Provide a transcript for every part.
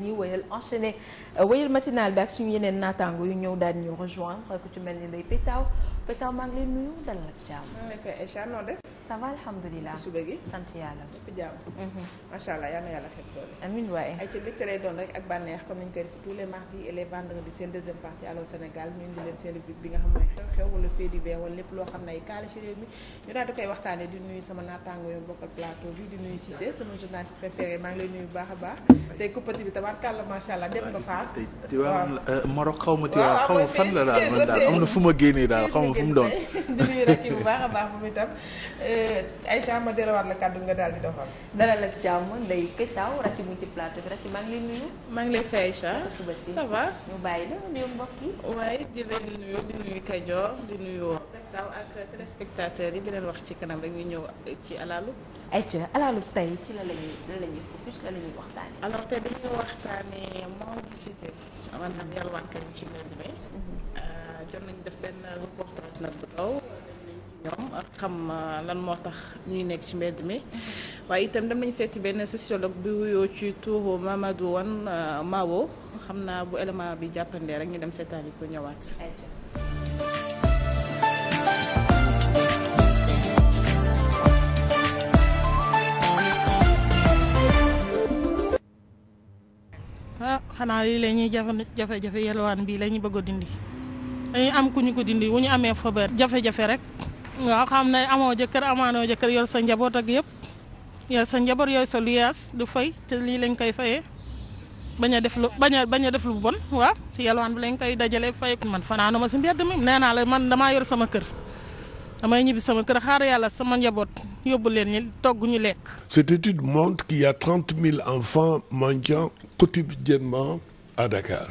ñuy wéyal enchaîner euh, wéyal matinal bi ak suñu yeneen naataango yu ñëw daal ñu rejoindre ku ci mel ni Ndeye Pétaw Petaw maa ngi lay nuyu dalal ak jàmm. maa ngi lay fay Aïcha noo def. ça va alhamdulilah. suba gi sant yàlla. lépp mhm. allah yàlla xeeb doole. amiin waaye. ay ci mbégte doon rek ak bànneex comme ni koy defee tous les mardis seen deuxième partie Allô Sénégal ñu indi leen seen rubrique bi nga xam ne xew-xew wala fait divers wala lépp loo xam ne ay kaala ci réew mi ñu daal koy waxtaanee di nuyu sama naataango yu bokkal plateau bi di nuyu Cissé sama journaliste préféré maa ngi lay nuyu baax a baax tey coupati bi tabarkàlla macha allah dem ma fu mu bu baax a baax bu muy tam Aïcha ma delluwaat la kàddu nga daal di doxal. dalal ak jàmm Ndeye Pétaw rakk yi mu ci plateau bi rakk yi maa lay nuyu. maa ngi lay fay Aïcha suba si ça ñu bàyyi la nuyu mbokk yi. waaye di di nuyu di nuyu Kajoor di nuyu Pétaw ak téléspectateurs yi di leen wax ci kanam rek ñu ñëw ci alalu. ayca alalu tey ci la la ñuy la la ñuy focus la la ñuy waxtaanee. alors tey dañuy waxtaanee mendicité maanaam yalwaankat yi ci lënd jot nañ def benn reportage nag bu taw xam euh, lan moo tax ñuy nekk ci mbedd mi mm-hmm. waaye itam dem nañ seeti benn sociologue bi wuyoo ci tuuru Mamadou Wan euh, Mawo xam naa bu élément bi jàppandee rek ñu dem seetaani ko ñëwaat ah xanaa lii la ñuy jafe jafe-jafe yelwaan bii la ñu bëgg a dindi dañuy am ku ñu ko dindi wu ñu amee feebar jafe-jafe rek waaw xam ne amoo jëkkër amaanoo jëkkër yor sa njaboot ak yëpp yor sa njaboot yooyu sa luyaas du te lii lañ koy fayee bañ a def lu bañ a bañ a def lu bon ci yalwaan bi lañ koy dajale fay man fanaanu ma si mbedd mi nee naa la man damaa yor sama kër damay ñibbi sama kër xaar yàlla sama njaboot yóbbu leen ñi togg ñu lekk. Cette étude montre qu'il y a trente mille enfants mendiants quotidiennement à Dakar.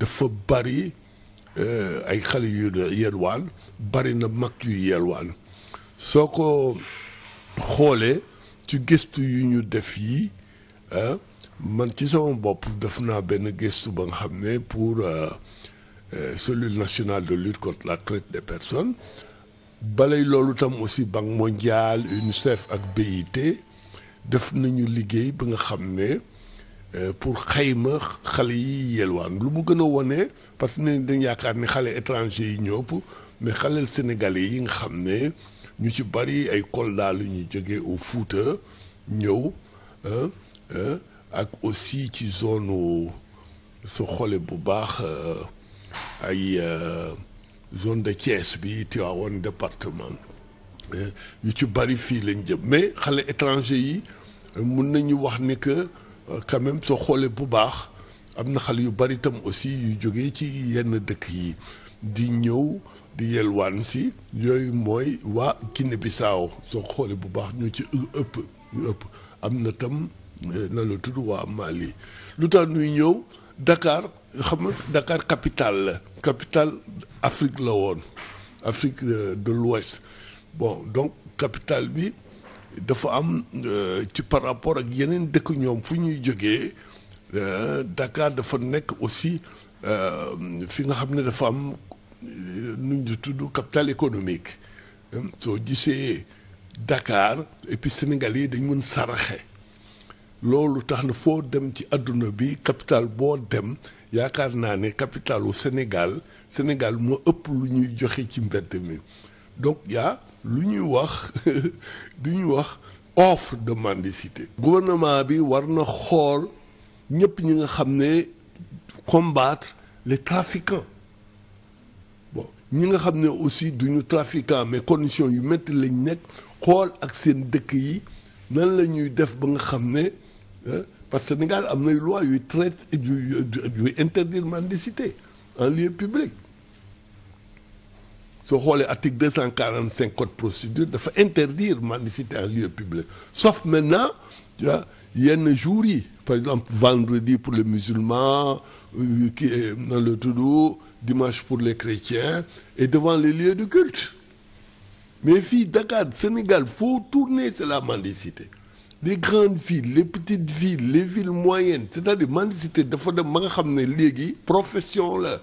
dafa bari eh, ay xale yu yelwaan bari na mag yu yelwaan soo ko xoolee ci gëstu yu ñu def yi ah, man ci sama bopp def naa benn gëstu ba nga xam ne pour euh, euh, cellule national de lutte contre la traite des personnes balay loolu tam aussi banque mondiale UNICEF ak BIT def nañu liggéey ba nga xam ne Euh, pour xayma xale yi yelwaan lu mu gën a wone parce que ne dañ yaakaar ni xale étranger yi ñëpp mais xaleel sénégalais yi nga xam ne ñu ci bari ay Kolda yu ñu jógee au Fouta ñëw ak aussi ci zone su xoolee bu baax euh, ay euh, zone de Thiès bi Tivaouane département ñu ci bari fii lañ jëm mais xale étranger yi mun nañu wax ni que quand même soo xoolee bu baax am na xale yu bari itam aussi yu jógee ci yenn dëkk yi di ñëw di yelwaan si yooyu mooy waa bi bissau soo xoolee bu baax ñoo ci ëpp ëpp am na tam euh, na la tudd waa Mali lu tax ñuy ñëw Dakar xam nga Dakar la capital Afrique la woon Afrique euh, de l'Ouest bon donc capital bi dafa am euh, ci par rapport ak yeneen dëkk ñoom fu ñuy jógee euh, Dakar dafa nekk aussi euh, fi nga xam ne dafa am nu ñu tudd capital économique soo gisee Dakar et Sénégal yi dañ mën saraxe loolu tax na foo dem ci àdduna bi capital boo dem yaakaar naa ne capitalu Sénégal Sénégal moo ëpp lu ñuy joxe ci mbedd mi donc yaa lu ñuy wax du ñuy wax offre de mendicité. gouvernement bi war na xool ñëpp ñi nga xam ne combattre les trafiquants bon ñi nga xam ne aussi duñu trafiquant mais conditions yu métti lañ nekk xool ak seen dëkk yi nan la ñuy def ba nga xam ne parce que Sénégal am nay loi yuy traite yuy interdire mendicité en lieu public. soo xoolee article deux cent quarante cinq code procédure dafa interdire mendicité en lieu public sauf maintenant tu vois yenn jours yi par exemple vendredi pour les musulmans euh, qui est dans le tudd dimanche pour les chrétiens et devant les lieux de culte mais fii Dakar Sénégal faut tourner c'est la mendicité les grandes villes les petites villes les villes moyennes c'est-à-dire mendicité dafa dem ba nga xam ne léegi profession la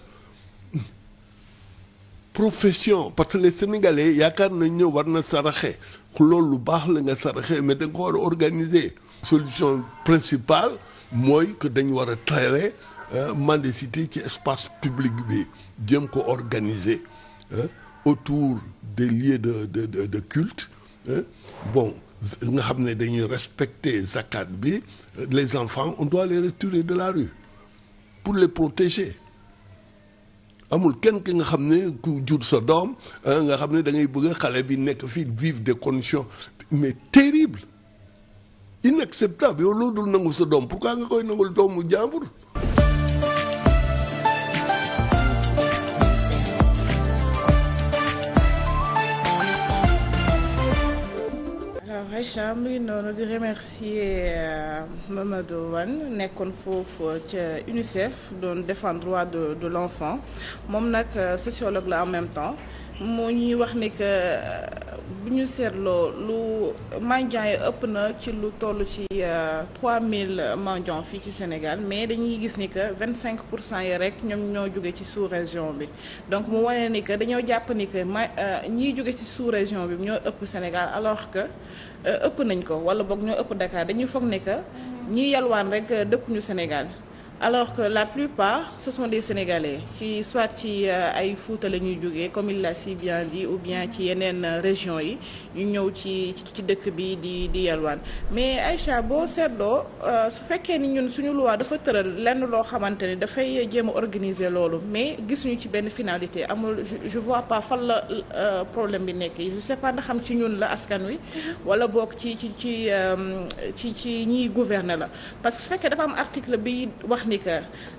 profession parce que les sénégalais yaakaar nañ ne war na saraxe loolu lu baax la nga saraxe mais da nga ko war a organiser solution principale mooy que dañ war a traiter euh, mendicité ci espace public bi jéem ko organiser euh, autour des lieux de de de, culte euh. bon nga xam ne dañuy respecter zakat bi les enfants on doit les retirer de la rue pour les protéger amul kenn ki nga xam ne ku jur sa doom euh, nga xam ne da ngay bëgg xale bi nekk fii vivre de conditions mais terrible inacceptable yow loo dul nangu sa doom pourquoi nga koy nangul doomu jàmbur Aïcha mu ngi noonu remercier euh, Mamadou Wane nekkoon foofu euh, ca UNICEF doon défendre droit de de l'enfant moom nag euh, sociologue la en même temps moo ñuy wax ni bu ñu seetloo lu mendiants yi ëpp na ci lu toll ci euh, mille mendiants fii ci Sénégal mais dañuy gis ni que cinq pour cent yi rek ñoom ñoo jóge ci sous région bi donc mu wane ni que dañoo jàpp ni que ma euh, ñiy jóge ci sous région bi ñoo ëpp Sénégal alors que euh, ëpp nañ ko wala boog ñoo ëpp Dakar dañuy foog ne que ñiy yalwaan rek dëkkuñu Sénégal. alors que la plupart ce sont des sénégalais ci soit ci euh, ay Fuuta la ñuy jógee comme il l'a si bien bien ci yeneen euh, région yi ñu ñëw ci ci dëkk bi di di yalwaan mais Aïcha boo seetloo euh, su fekkee ni ñun suñu loi dafa tëral lenn loo xamante ne dafay jéem organiser loolu mais gisuñu ci benn finalité amul je vois pas fan problème bi nekk je sais xam ci ñun la askan wi wala boog ci ci ci ci ci ñiy gouverner la parce su fekkee dafa am article bi wax ni que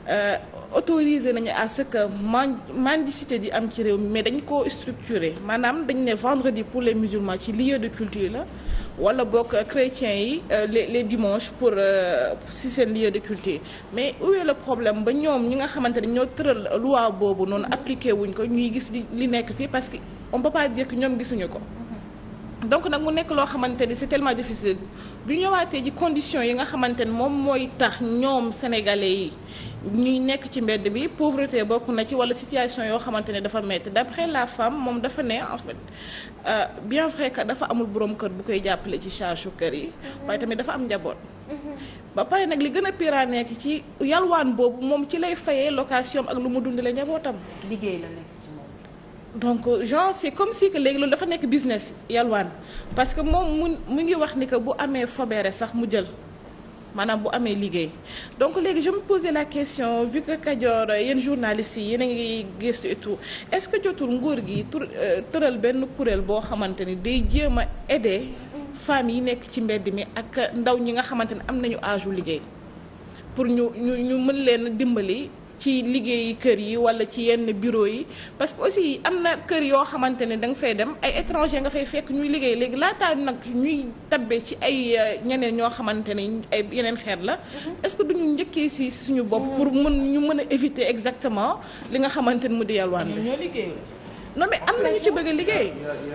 euh, autorisé nañu à que man mendicité di am ci réew mais dañ ko structuré maanaam dañ ne vendredi pour les musulmans ci lieu de culture la wala bokk chrétiens yi euh, les les dimanches pour euh, si seen lieu de culture mais où est le problème ba ñoom ñi nga xamante ne ñoo tëral loi boobu noonu appliqué wuñ ko ñuy gis li nekk fii parce que on peut pas dire ñoom gisuñu ko. donc nag mu nekk loo xamante ni c'est tellement difficile bu ñëwaatee ci condition yi nga xamante ne moom mooy tax ñoom sénégalais yi ñuy nekk ci mbedd bi pauvreté bokk na ci walla situation yoo xamante ne dafa metti d'après la femme moom dafa ne en fait euh, bien vrai que dafa amul boroom kër bu koy jàppale ci charge su kër yi. Mhm. waaye tamit dafa am njaboot. Mhm. ba pare nag li gën a pire nekk ci yalwaan boobu moom ci lay fayee location ak lu mu dundalee njabootam. liggéey la nekk. donc genre c'est comme si que léegi loolu dafa nekk business yalwaan parce que moom mu mu ngi wax ni que bu amee fobeere sax mu jël maanaam bu amee liggéey donc léegi je me la question vu que Kajoor yéen journalistes yi yéen a ngi gëstu et tout est-ce que jotul nguur gi tur euh, tëral benn kuréel boo xamante ni day jéem a aider femmes yi nekk ci mbedd mi ak ndaw ñi nga xamante ne am nañu âge liggéey pour ñu ñu ñu mën leen dimbali ci liggéeyi kër yi wala ci yenn bureau yi parce que aussi am na kër yoo xamante ne da nga fay dem ay étranger nga fay fekk ñuy liggéey léegi laataa nag ñuy tabe ci ay euh, ñeneen ñoo xamante ne ay yeneen xeet la mm-hmm. est-ce que duñu njëkkee si suñu bopp pour mën ñu mën a éviter exactement li nga xamante ne mu di yalwaan bi non mais am na ñu ci bëgg a liggéey. y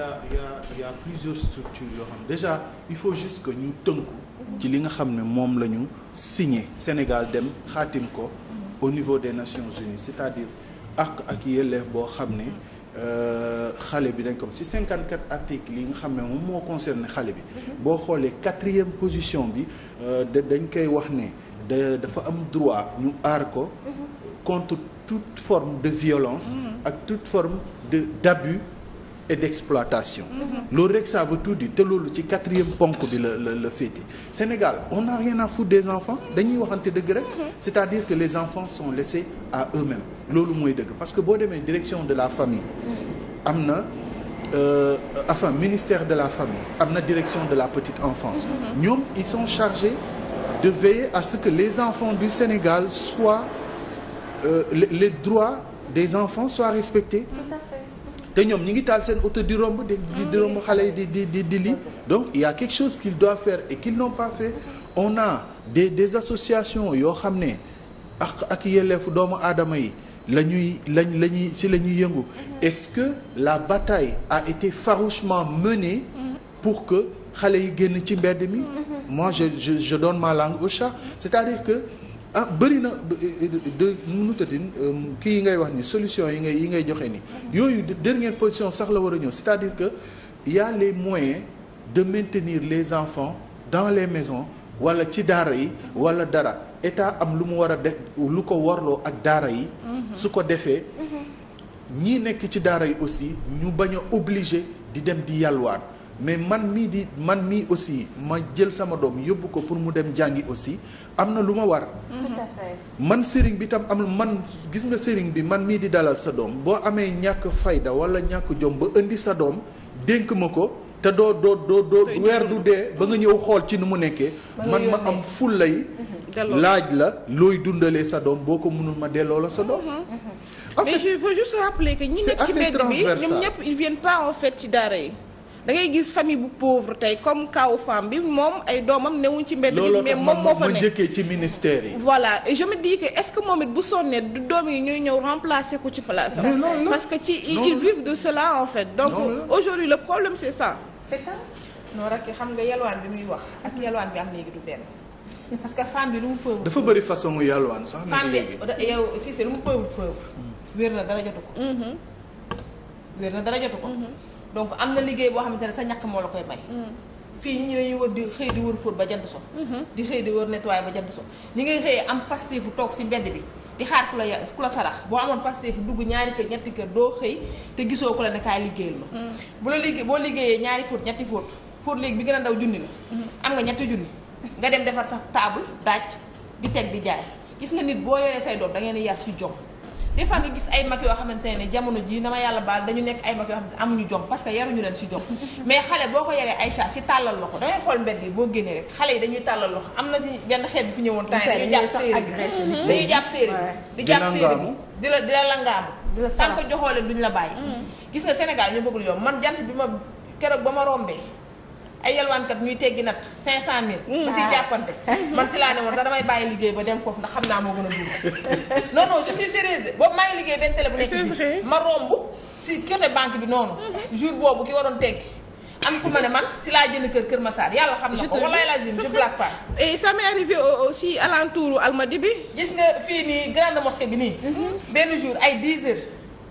a y plusieurs structures yoo xam déjà il faut juste que ñu tënku. ci li nga xam ne moom la ñu signé Sénégal dem xaatim ko au niveau des Nations Unies cest a dire ak ak yelleef boo xam ne euh, xale bi dañ ko cinquante 54 articles yi nga xam ne moom moo concerné xale bi mhm. boo xoolee quatrième position bi euh, da dañ koy wax ne da dafa am droit ñu aar ko mhm. contre toute forme de violence mhm. ak toute forme de d'abus et d'exploitation. Mhm. loolu rek ça tout dire te ci quatrième ponk bi la la la féete Sénégal on n'a rien à foutre des enfants dañuy waxante dëgg rek. Mhm. c'est-à-dire que les enfants sont laissés à eux-mêmes loolu mooy dëgg parce que boo demee direction de la famille. Mhm. am na euh, enfin ministère de la famille am na direction de la petite enfance. ñoom ils sont chargés de veiller à ce que les enfants du Sénégal soient euh, les, les droits des enfants soient respectés. te ñoom ñi ngi taal seen oto di romb di di romb xale yi di di di di lii donc il y a quelque chose qu'ils doivent faire et qu'ils n'ont pas fait on a des des associations yoo xam ne ak ak yelleefu doomu aadama yi la ñuy lañ la ñuy si la ñuy yëngu est-ce que la bataille a été farouchement menée pour que xale yi génn ci mbedd mi mm-hmm. moi je je je donne ma langue au chat c'est-à-dire que ah bëri na de nu tëddin euh, kii yi ngay wax ni solution yi ngay yi ngay joxe ni yooyu dernière position sax la war a ñëw c'est-à-dire que y a les moyens de maintenir les enfants dans les maisons wala ci daara yi wala dara état am lu mu war a def lu ko warloo ak daara yi mhm. su ko defee mhm. ñi nekk ci daara yi aussi ñu bañ a obligé di dem di yalwaan mais man mii di man mii aussi ma jël sama doom yóbbu ko pour mu dem jàngi aussi am na lu ma war. man sëriñ bi tam am man gis nga sëriñ bi man mii di dalal sa doom boo amee ñàkk fayda wala ñàkk jom ba indi sa doom dénk ma ko. te doo doo doo doo weer du dee ba nga ñëw xool ci nu mu nekkee man ma am fulla yi laaj la looy dundalee sa doom boo ko mënul ma delloo la sa doom mm-hmm. en fait mais je veux juste rappeler que ñi nekk ci mbedd bi ñoom pas en fait ci daara yi da ngay gis famille bu pauvre tey comme kaw femme bi moom ay doomam newuñ ci mbedd bi mais moom moo fa ne ci ministère yi voilà et je me dis que est-ce que moom it bu sonnee du doom yi ñuy ñëw remplacer ko ci place am parce que ci ils vivent de cela en fait donc aujourd'hui le problème c'est ça non rek xam nga yalwaan bi muy wax ak yalwaan bi am léegi du benn parce que femme bi lu mu pauvre. dafa bëri façon mu yalwaan sax. femme bi yow si si lu mu pauvre pauvre. wér na dara jotu ko. Mm-hmm. wér na dara jotu donc am na liggéey boo xamante ne sa ñàkk moo la koy may. Mm. fii ñi ñu dañuy wër di xëy di wër fóot ba jant so mm-hmm. di xëy di wër nettoyé ba jant so ñi ngay xëyee am pastéefu toog si mbedd bi di xaar ku la ya ku la sarax boo amoon pastéefu dugg ñaari kër ñetti kër doo xëy te gisoo ko la ne kaay liggéeyal ma mm. bu la liggéey boo liggéeyee ñaari fóot ñetti fóot fóot léegi bi gën a ndaw junni la mm-hmm. am nga ñetti junni nga dem defar sax table daaj di teg di jaay gis nga nit boo yooyee say doom da ngeen yar si jom des fois nga gis ay mag yoo xamante ne jamono ji na ma yàlla baax dañu nekk ay mag yoo xamante ne amuñu jom parce que yaruñu leen si jom mais xale boo ko yaree Aïcha ci tàllal loxo dangay xool mbedd yi boo génnee rek xale yi dañuy tàllal loxo am na si benn xeet bi fi ñëwoon temps dañuy jàpp séeri dañuy jàpp séeri di jàpp séeri bi di la di la langaamu tant que joxoo leen duñu la bàyyi mm. gis nga Sénégal ñu bëgg yoon man jant bi ma keroog ba ma rombee ay yalwaankat ñuy teggi nat 500000. Mm. ba siy jàppante. man si laa ne woon sax damay bàyyi liggéey ba dem foofu ndax xam naa moo gën a dugg. non non je bi noonu. Mm-hmm. jour boobu ki waroon teggi. am ku ma ne man si laa jënd kër Kër Massar yàlla xam na ko walaay laa jënd je blague pas. et gis nga fii nii grande mosquée bi nii. Mm-hmm. benn jour ay 10 heures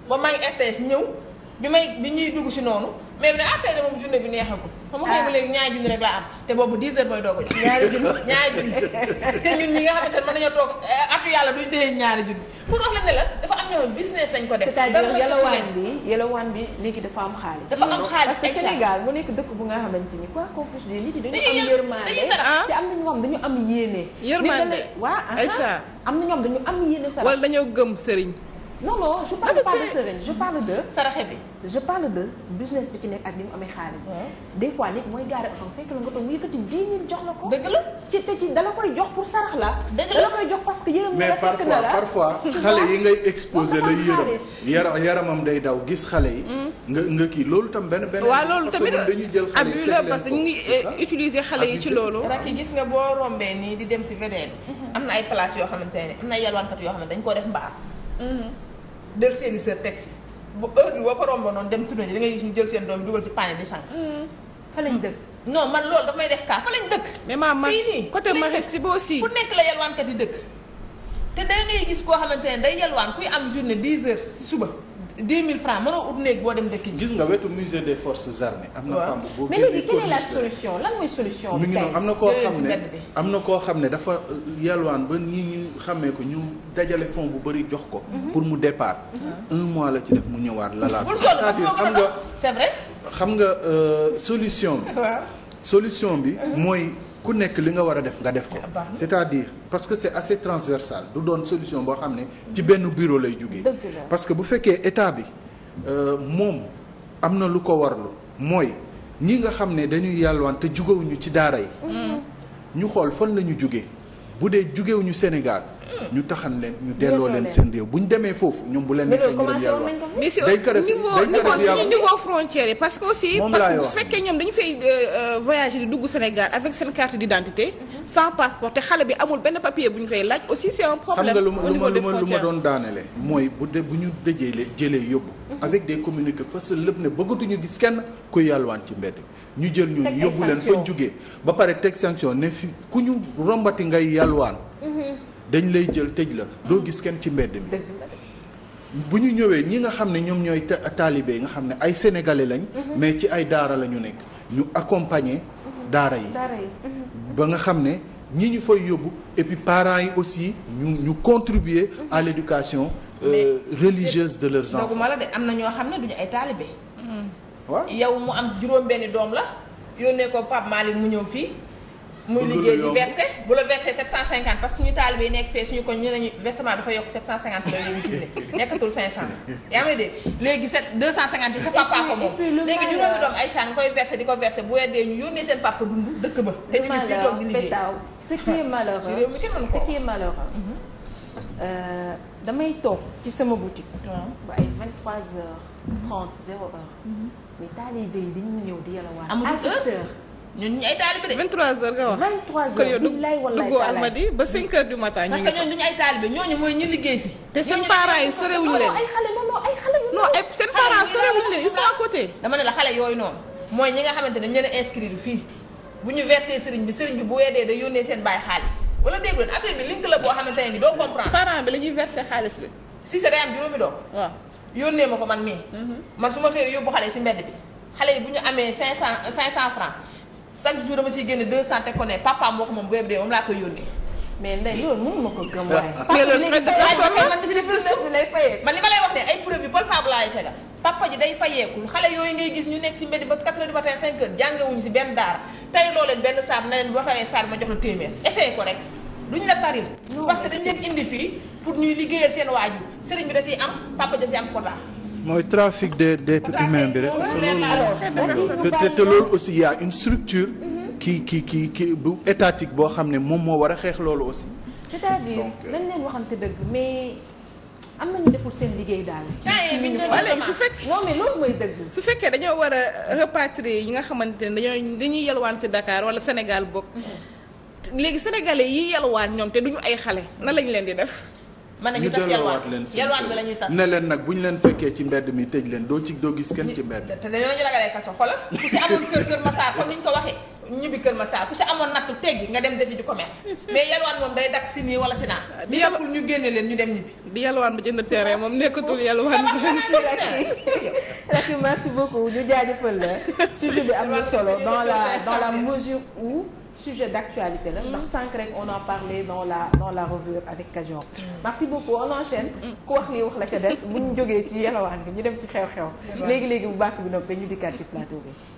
ba may RTS ñëw bi may bi ñuy dugg si noonu. mais ne après de moom journée bi neexagul. ah xam nga léegi ñaari junni rek laa am te boobu 10 heures mooy doog a jot. ñaari junni ñaari junni te ñun ñi nga xamante ne mën nañoo toog eh, atu la ne la dafa am ñoom business lañ ko def. cest à bi yalawaan bi léegi dafa am xaalis. dafa am xaalis parce nekk dëkk bu nga xamante ni quoi qu'on puisse dire nit yi dañu ah. am na ñoo xam dañu am yéene. yërmande waaw am na ñoom dañu am yéene. wala dañoo gëm sëriñ non non je parle ah, pas de saraxe bi. je parle de business bi ci nekk ak ni mu amee xaalis. des fois nit mooy gaare oto fekk la nga toog mu yëkkati 10 000 jox la ko. dëgg la ci te ci dala koy jox pour sarax la. dëgg la dala koy jox parce que yërëm la fekk na la mais parfois parfois xale yi ngay exposé lay yërëm. yaram yaramam day daw gis xale yi. Mm. nga nga kii loolu tam benn benn. waaw loolu tamit abus la parce que ñu ngi utiliser xale yi ci loolu. rakk yi gis nga boo rombee nii di dem si VDN. Mm-hmm. am na ay place yoo xamante ne am na ay yalwaankat yoo xamante dañ koo def mbaar mm-hmm. def seen i sër teg si bu heure bi boo ko noonu dem tournée ji da ngay gis ñu jël seen doom yi dugal ci panier di sànq. Mm. fa lañ dëkk. non man loolu daf may def kaa fa lañ dëkk. mais maam côté Mariste bi si fu nekk la yalwaankat yi dëkk. te da ngay gis koo xamante ne day yalwaan kuy am journée 10 heures si suba. dix mille francs mënoo ut néeg boo dem dëkk ji. nga wetu musée des forces armées. am na femme boo génnee mais léegi quelle est la solution lan mooy solution. mi ngi noonu am na koo xam ne am na koo xam ne dafa euh, yalwaan ba nii ñu xamee ko ñu dajale fond bu bëri jox ko. Mhm. pour mu départ. Mhm. un mois la ci def mu ñëwaat lalaat. bul xam nga c'est vrai. xam nga euh, solution bi. solution bi mhm. mooy. ku nekk li nga war a def nga def ko ah, c'est-à-dire parce que c'est assez transversal du doon solution boo xam ne ci benn bureau lay jógee parce que bu fekkee état bi euh, moom am na lu ko warlu mooy ñi nga xam ne dañuy yàlwaan te jugewuñu ci daara yi mm-hmm. ñu xool fan la ñu jugee bu dee jugewuñu Sénégal ñu taxan leen ñu delloo leen seen réew bu ñu demee foofu ñoom bu leen nekkee ñu dem yàlla mais si niveau niveau suñu niveau frontière yi parce que aussi parce que su fekkee ñoom dañu fay euh, euh, voyager di dugg Sénégal avec seen carte d'identité sans passeport te xale bi amul benn papier bu ñu koy laaj aussi c'est un problème au niveau des frontières xam lu ma lu ma mooy bu dee bu ñu dëjee jëlee yóbbu mhm. avec des communiqués fësal lépp ne bëggatuñu gis kenn kuy yàlwaan ci mbedd ñu jël ñu yóbbu leen fañ jógee ba pare teg sanction ne fi ku ñu rombati ngay yàlwaan mhm. dañ lay jël tëj la doo gis kenn ci mbedd mi bu ñu ñëwee ñi nga xam ne ñoom ñooy taalibe yi nga xam ne ay sénégalais lañ mhm. mais ci ay daara la ñu nekk ñu accompagner daara yi ba nga xam ne ñi ñu fay yóbbu et puis parents yi aussi ñu ñu contribuer à mhm. l'éducation euh, religieuse de leurs enfants. doguma de am na ñoo xam ne duñu ay taalibe. waaw yow mu am juróom benni doom la yónnee ko Pape Malick mu ñëw fii. muy liggéey di versé bu la versé 750 parce que suñu taalibe yi nekk fee suñu ko ñu ne ñu versement dafa yokk 750 la ñuy journée nekkatul 500. yaa ngi dégg léegi 7 250 yi sa papa ko moom léegi juróomi doom Aïcha nga koy versé di ko versé bu weddee ñu yónnee seen papa dund dëkk ba. te ñu ngi fii toog di liggéey ce qui est malheureux ce qui est ci sama boutique. ba ay 23h30 0h. Mm-hmm. mais taalibe yi dañuy heure ñun ñu ay taalibe de. 23h nga wax 23h kon yow dugg almadi du ñu ngi parce que ñooñu duñu ay taalibe ñooñu mooy ñi liggéey si. te seen parents yi sorewuñu leen ay côté. dama ne la xale yooyu noonu mooy ñi nga xamante ne ñu leen inscrire fii bu ñu versé sëriñ bi sëriñ bi bu weedee da yónnee seen bàyyi xaalis wala dégg leen affaire bi link la boo xamante ne bi doo comprendre. parent bi la ñuy versé xaalis bi. si sa day am juróomi doom. waaw yónnee ma ko man mii. Mhm. man su ma xëyee yóbbu xale si xale yi bu ñu amee 500 500 francs chaque jour dama ciy génne 200 te ko ne papaam moo ko moom bu yebdee moom laa koy yónnee. mais ndey loolu mënuma ko gëm waaye. man laay tegal. papa ji day fayeekul xale yooyu ngay gis ñu nekk ci mbedd ba 4 du matin 5 heures jàngewuñu benn daara tey leen benn saar na leen boo tawee saar ma jox la téeméer essayé ko rek duñ la taril parce que dañ leen indi fii pour ñuy liggéeyal seen waajur sëriñ bi da ciy am papa ja ci am quota mooy trafic de d'êtres humains bi rek parce que loolu te loolu aussi y a une structure qui qui qui qui bu étatique boo xam ne moom moo war a xeex loolu aussi c'est-à-dire euh, waxante dëgg mais am nañu deful seen liggéey ah, eh, su fekkee dañoo war a rapatrier yi nga xamante ne dañoo dañuy yalwaan si dakaar wala Sénégal bokk mhm. léegi sénégalais yi yalwaan ñoom te duñu ay xale na lañ leen di def. man nañu tas yalwaan yalwaan bi la ñuy tas ne leen nag bu ñu leen fekkee ci mbedd mi tëj leen doo ci doo gis kenn ci mbedd te dañoo ñu ragalee kaso xoolal ku si amoon kër kër Massar nga dem defi du commerce mais yalwaan moom day dakk si nii wala si naa di yàqul ñu génne leen ñu dem ñibbi di yalwaan ba jënd terrain moom nekkatul yalwaan merci beaucoup ñu jaajëfal la sujet bi am na solo dans la dans la mesure où sujet d'actualité la ndax mm. sànq rek on en parlait dans la dans la revue avec Kajor mm. merci beaucoup on enchaîne mm. ku wax lii wax la ca des bu ñu jógee ci yelawaan bi ñu dem ci xew-xew léegi-léegi bu bàkk bi noppee ñu dikkaat ci plateau bi